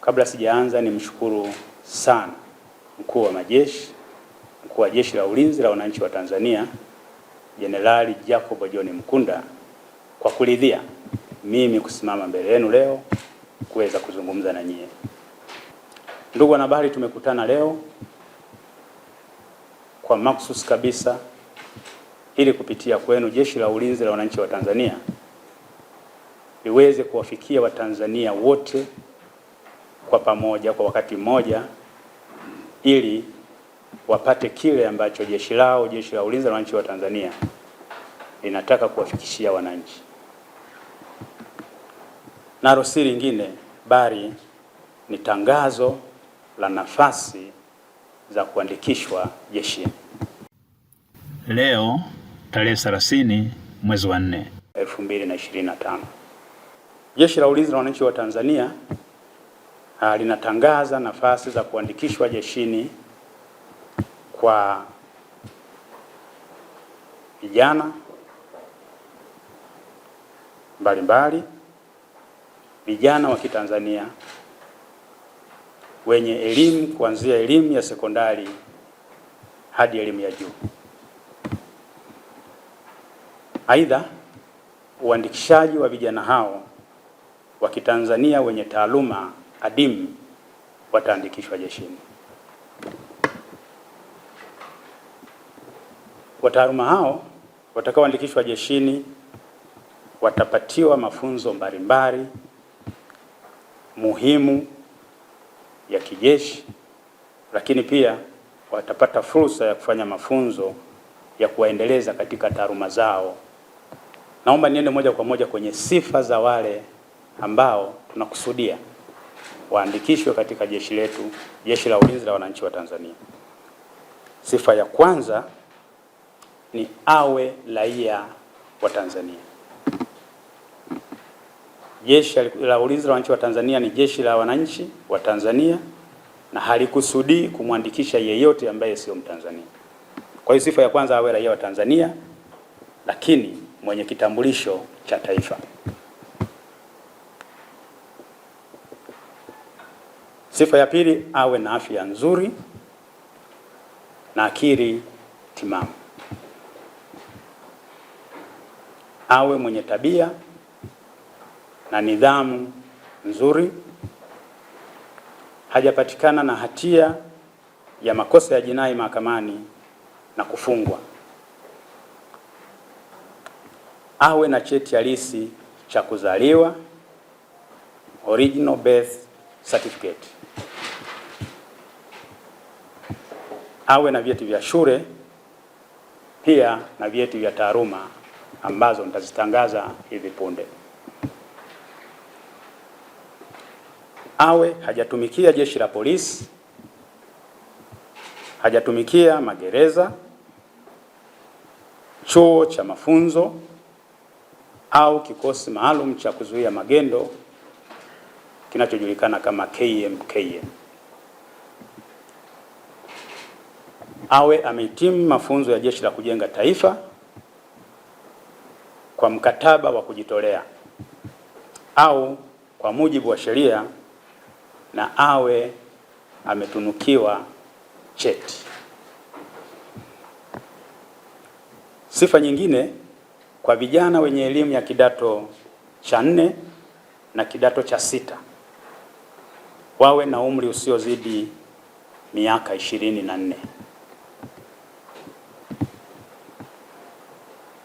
Kabla sijaanza, nimshukuru sana mkuu wa majeshi, mkuu wa jeshi la ulinzi la wananchi wa Tanzania Jenerali Jacob John Mkunda kwa kuridhia mimi kusimama mbele yenu leo kuweza kuzungumza na nyie. Ndugu wanahabari, tumekutana leo kwa maksus kabisa ili kupitia kwenu jeshi la ulinzi la wananchi wa Tanzania liweze kuwafikia Watanzania wote kwa pamoja kwa wakati mmoja ili wapate kile ambacho jeshi lao, jeshi la ulinzi la wananchi wa Tanzania linataka kuwafikishia wananchi. Nalo si lingine bali ni tangazo la nafasi za kuandikishwa jeshi. Leo tarehe 30 mwezi wa 4 2025, jeshi la ulinzi la wananchi wa Tanzania Ah, linatangaza nafasi za kuandikishwa jeshini kwa vijana mbalimbali, vijana wa Kitanzania wenye elimu kuanzia elimu ya sekondari hadi elimu ya juu. Aidha, uandikishaji wa vijana hao wa Kitanzania wenye taaluma adimu wataandikishwa jeshini. Wataalamu hao watakaoandikishwa jeshini watapatiwa mafunzo mbalimbali muhimu ya kijeshi, lakini pia watapata fursa ya kufanya mafunzo ya kuwaendeleza katika taaluma zao. Naomba niende moja kwa moja kwenye sifa za wale ambao tunakusudia waandikishwe katika jeshi letu, jeshi la ulinzi la wananchi wa Tanzania. Sifa ya kwanza ni awe raia wa Tanzania. Jeshi la ulinzi la wananchi wa Tanzania ni jeshi la wananchi wa Tanzania na halikusudii kumwandikisha yeyote ambaye sio Mtanzania. Kwa hiyo sifa ya kwanza awe raia wa Tanzania, lakini mwenye kitambulisho cha taifa. Sifa ya pili, awe na afya nzuri na akili timamu, awe mwenye tabia na nidhamu nzuri, hajapatikana na hatia ya makosa ya jinai mahakamani na kufungwa, awe na cheti halisi cha kuzaliwa original birth certificate. awe na vyeti vya shule pia na vyeti vya taaluma ambazo nitazitangaza hivi punde. Awe hajatumikia jeshi la polisi, hajatumikia magereza, chuo cha mafunzo au kikosi maalum cha kuzuia magendo kinachojulikana kama KMKM. awe amehitimu mafunzo ya Jeshi la Kujenga Taifa kwa mkataba wa kujitolea au kwa mujibu wa sheria na awe ametunukiwa cheti. Sifa nyingine kwa vijana wenye elimu ya kidato cha nne na kidato cha sita wawe na umri usiozidi miaka ishirini na nne.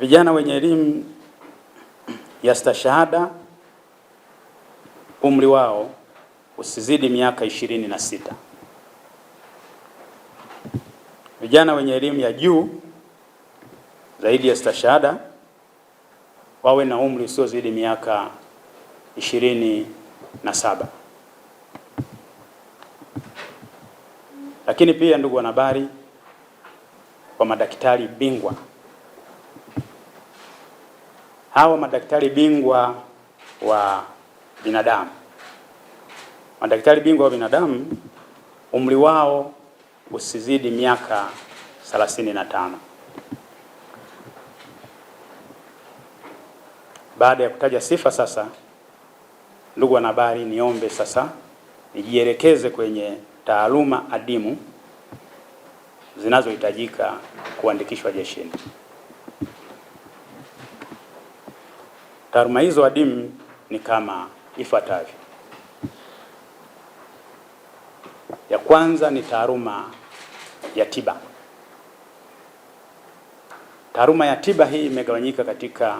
vijana wenye elimu ya stashahada umri wao usizidi miaka ishirini na sita. Vijana wenye elimu ya juu zaidi ya stashahada wawe na umri usiozidi miaka ishirini na saba. Lakini pia ndugu wanahabari, kwa madaktari bingwa hawa madaktari bingwa wa binadamu, madaktari bingwa wa binadamu umri wao usizidi miaka 35. Baada ya kutaja sifa sasa, ndugu wanahabari, niombe sasa nijielekeze kwenye taaluma adimu zinazohitajika kuandikishwa jeshini. Taaluma hizo adimu ni kama ifuatavyo. Ya kwanza ni taaluma ya tiba. Taaluma ya tiba hii imegawanyika katika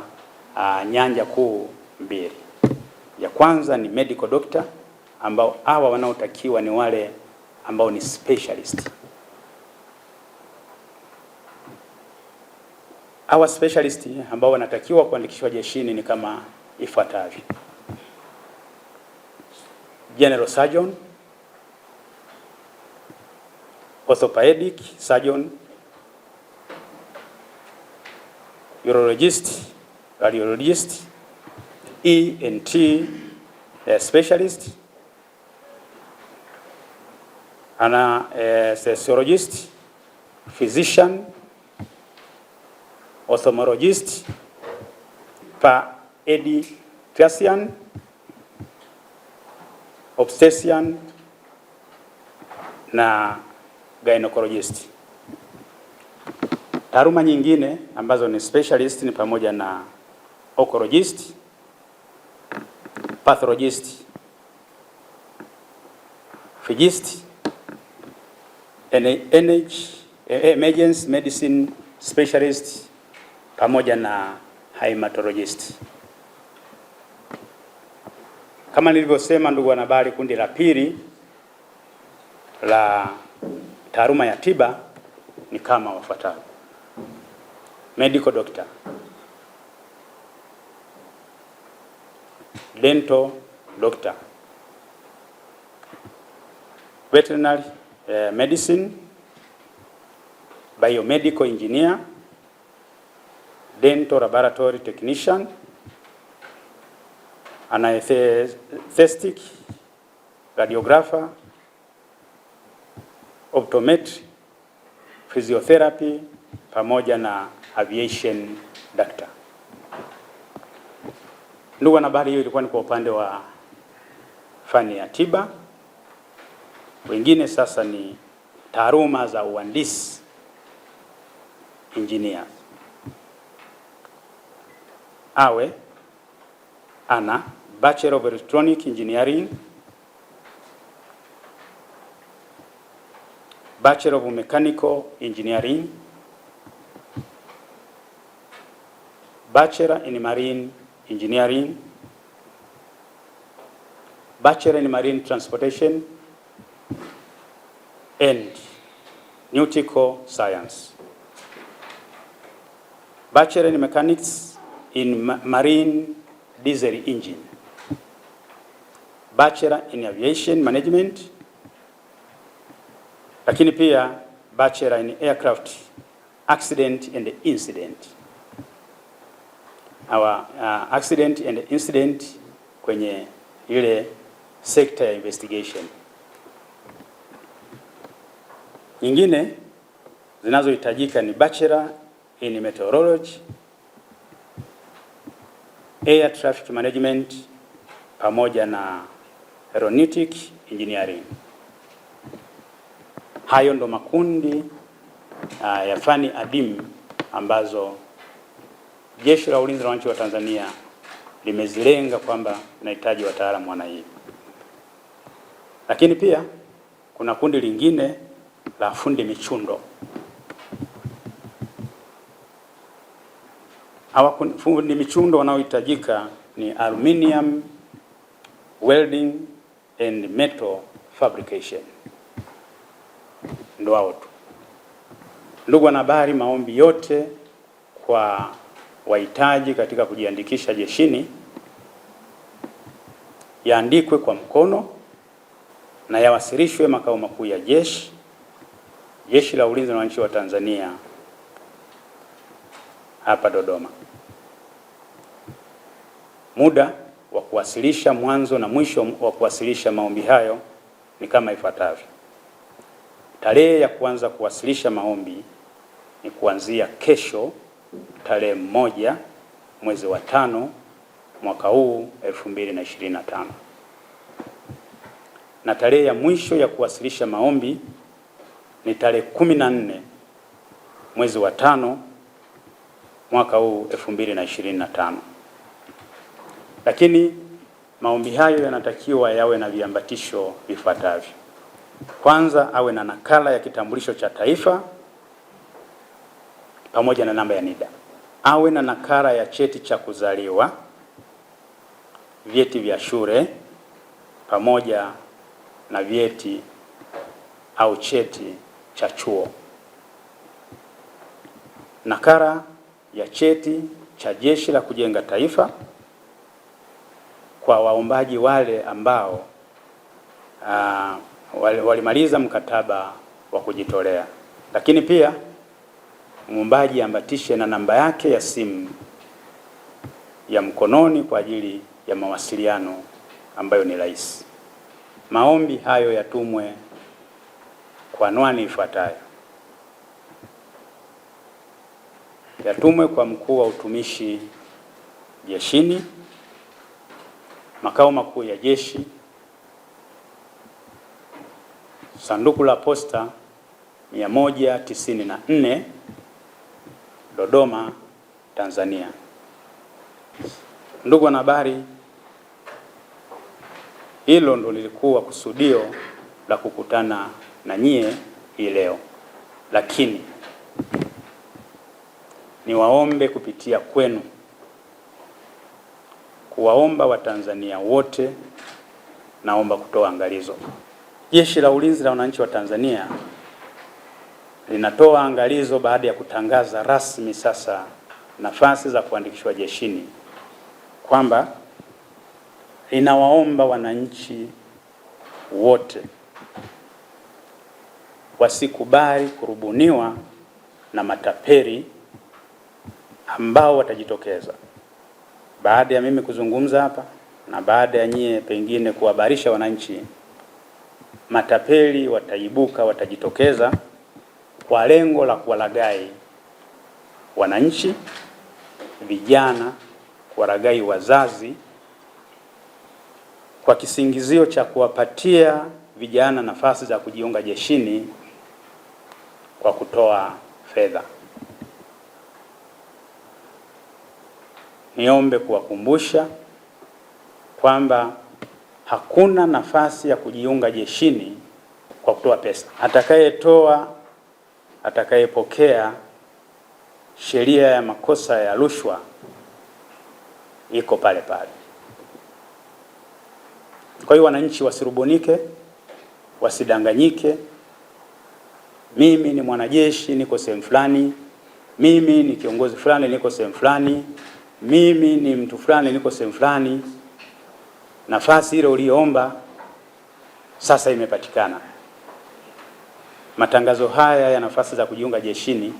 uh, nyanja kuu mbili. Ya kwanza ni medical doctor ambao hawa wanaotakiwa ni wale ambao ni specialist Our specialist ambao wanatakiwa kuandikishwa jeshini ni kama ifuatavyo: General Surgeon, Orthopedic Surgeon, Urologist, Radiologist, ENT eh, Specialist, Anesthesiologist, eh, Physician ophthalmologist pa pediatrician, obstetrician na gynecologist. Taaluma nyingine ambazo ni specialist ni pamoja na oncologist, pathologist, physicist, eh, eh, emergency medicine specialist pamoja na hematologist. Kama nilivyosema, ndugu wanahabari, kundi la pili la taaluma ya tiba ni kama wafuatavyo: medical doctor, dental doctor, veterinary eh, medicine, biomedical engineer dental laboratory technician anesthetic radiographer, optometry, physiotherapy pamoja na aviation doctor. Ndugu wanahabari, hiyo ilikuwa ni kwa upande wa fani ya tiba. Wengine sasa ni taaluma za uhandisi engineer awe ana Bachelor of Electronic Engineering, Bachelor of Mechanical Engineering, Bachelor in Marine Engineering, Bachelor in Marine Transportation and Nautical Science, Bachelor in Mechanics in marine diesel engine, bachelor in aviation management, lakini pia bachelor in aircraft accident and incident. Our uh, accident and incident kwenye ile sekta ya investigation nyingine zinazohitajika ni bachelor in meteorology air traffic management pamoja na aeronautic engineering. Hayo ndo makundi uh, ya fani adimu ambazo Jeshi la Ulinzi la Wananchi wa Tanzania limezilenga kwamba linahitaji wataalamu hii. lakini pia kuna kundi lingine la fundi michundo. ni michundo wanaohitajika ni aluminium welding and metal fabrication, ndo wao tu. Ndugu wanahabari, maombi yote kwa wahitaji katika kujiandikisha jeshini yaandikwe kwa mkono na yawasilishwe makao makuu ya jeshi, Jeshi la Ulinzi na Wananchi wa Tanzania hapa Dodoma. Muda wa kuwasilisha mwanzo na mwisho wa kuwasilisha maombi hayo ni kama ifuatavyo. Tarehe ya kuanza kuwasilisha maombi ni kuanzia kesho tarehe moja mwezi wa tano mwaka huu 2025 na tarehe ya mwisho ya kuwasilisha maombi ni tarehe kumi na nne mwezi wa tano mwaka huu 2025. Lakini maombi hayo yanatakiwa yawe na viambatisho vifuatavyo. Kwanza, awe na nakala ya kitambulisho cha taifa pamoja na namba ya NIDA, awe na nakala ya cheti cha kuzaliwa, vyeti vya shule pamoja na vyeti au cheti cha chuo, nakala ya cheti cha Jeshi la Kujenga Taifa kwa waombaji wale ambao uh, walimaliza mkataba wa kujitolea, lakini pia mwombaji ambatishe na namba yake ya simu ya mkononi kwa ajili ya mawasiliano ambayo ni rahisi. Maombi hayo yatumwe kwa anwani ifuatayo: yatumwe kwa mkuu wa utumishi jeshini makao makuu ya jeshi, sanduku la posta 194 Dodoma, Tanzania. Ndugu wanahabari, hilo ndo lilikuwa kusudio la kukutana na nyie hii leo, lakini niwaombe kupitia kwenu kuwaomba Watanzania wote, naomba kutoa angalizo. Jeshi la Ulinzi la Wananchi wa Tanzania linatoa angalizo baada ya kutangaza rasmi sasa nafasi za kuandikishwa jeshini kwamba linawaomba wananchi wote wasikubali kurubuniwa na mataperi ambao watajitokeza baada ya mimi kuzungumza hapa na baada ya nyie pengine kuhabarisha wananchi, matapeli wataibuka, watajitokeza kwa lengo la kuwalagai wananchi, vijana, kuwalagai wazazi kwa kisingizio cha kuwapatia vijana nafasi za kujiunga jeshini kwa kutoa fedha. niombe kuwakumbusha kwamba hakuna nafasi ya kujiunga jeshini kwa kutoa pesa. Atakayetoa, atakayepokea, sheria ya makosa ya rushwa iko pale pale. Kwa hiyo wananchi wasirubunike, wasidanganyike. Mimi ni mwanajeshi, niko sehemu fulani, mimi ni kiongozi fulani, niko sehemu fulani mimi ni mtu fulani, niko sehemu fulani, nafasi ile uliyoomba sasa imepatikana. Matangazo haya ya nafasi za kujiunga jeshini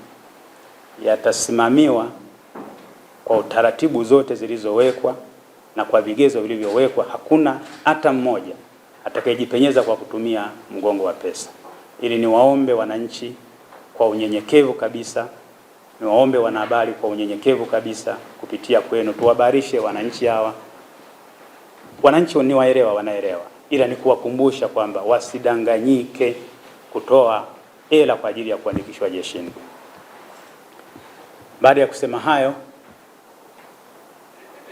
yatasimamiwa kwa utaratibu zote zilizowekwa na kwa vigezo vilivyowekwa. Hakuna hata mmoja atakayejipenyeza kwa kutumia mgongo wa pesa, ili niwaombe wananchi kwa unyenyekevu kabisa Niwaombe wanahabari kwa unyenyekevu kabisa, kupitia kwenu tuwabarishe wananchi hawa. Wananchi ni waelewa, wanaelewa, ila ni kuwakumbusha kwamba wasidanganyike kutoa hela kwa ajili ya kuandikishwa jeshini. Baada ya kusema hayo,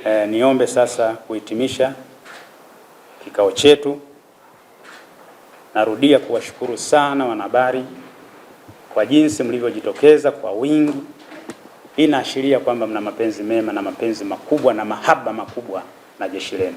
eh, niombe sasa kuhitimisha kikao chetu. Narudia kuwashukuru sana wanahabari kwa jinsi mlivyojitokeza kwa wingi hii inaashiria kwamba mna mapenzi mema na mapenzi makubwa na mahaba makubwa na jeshi lenu.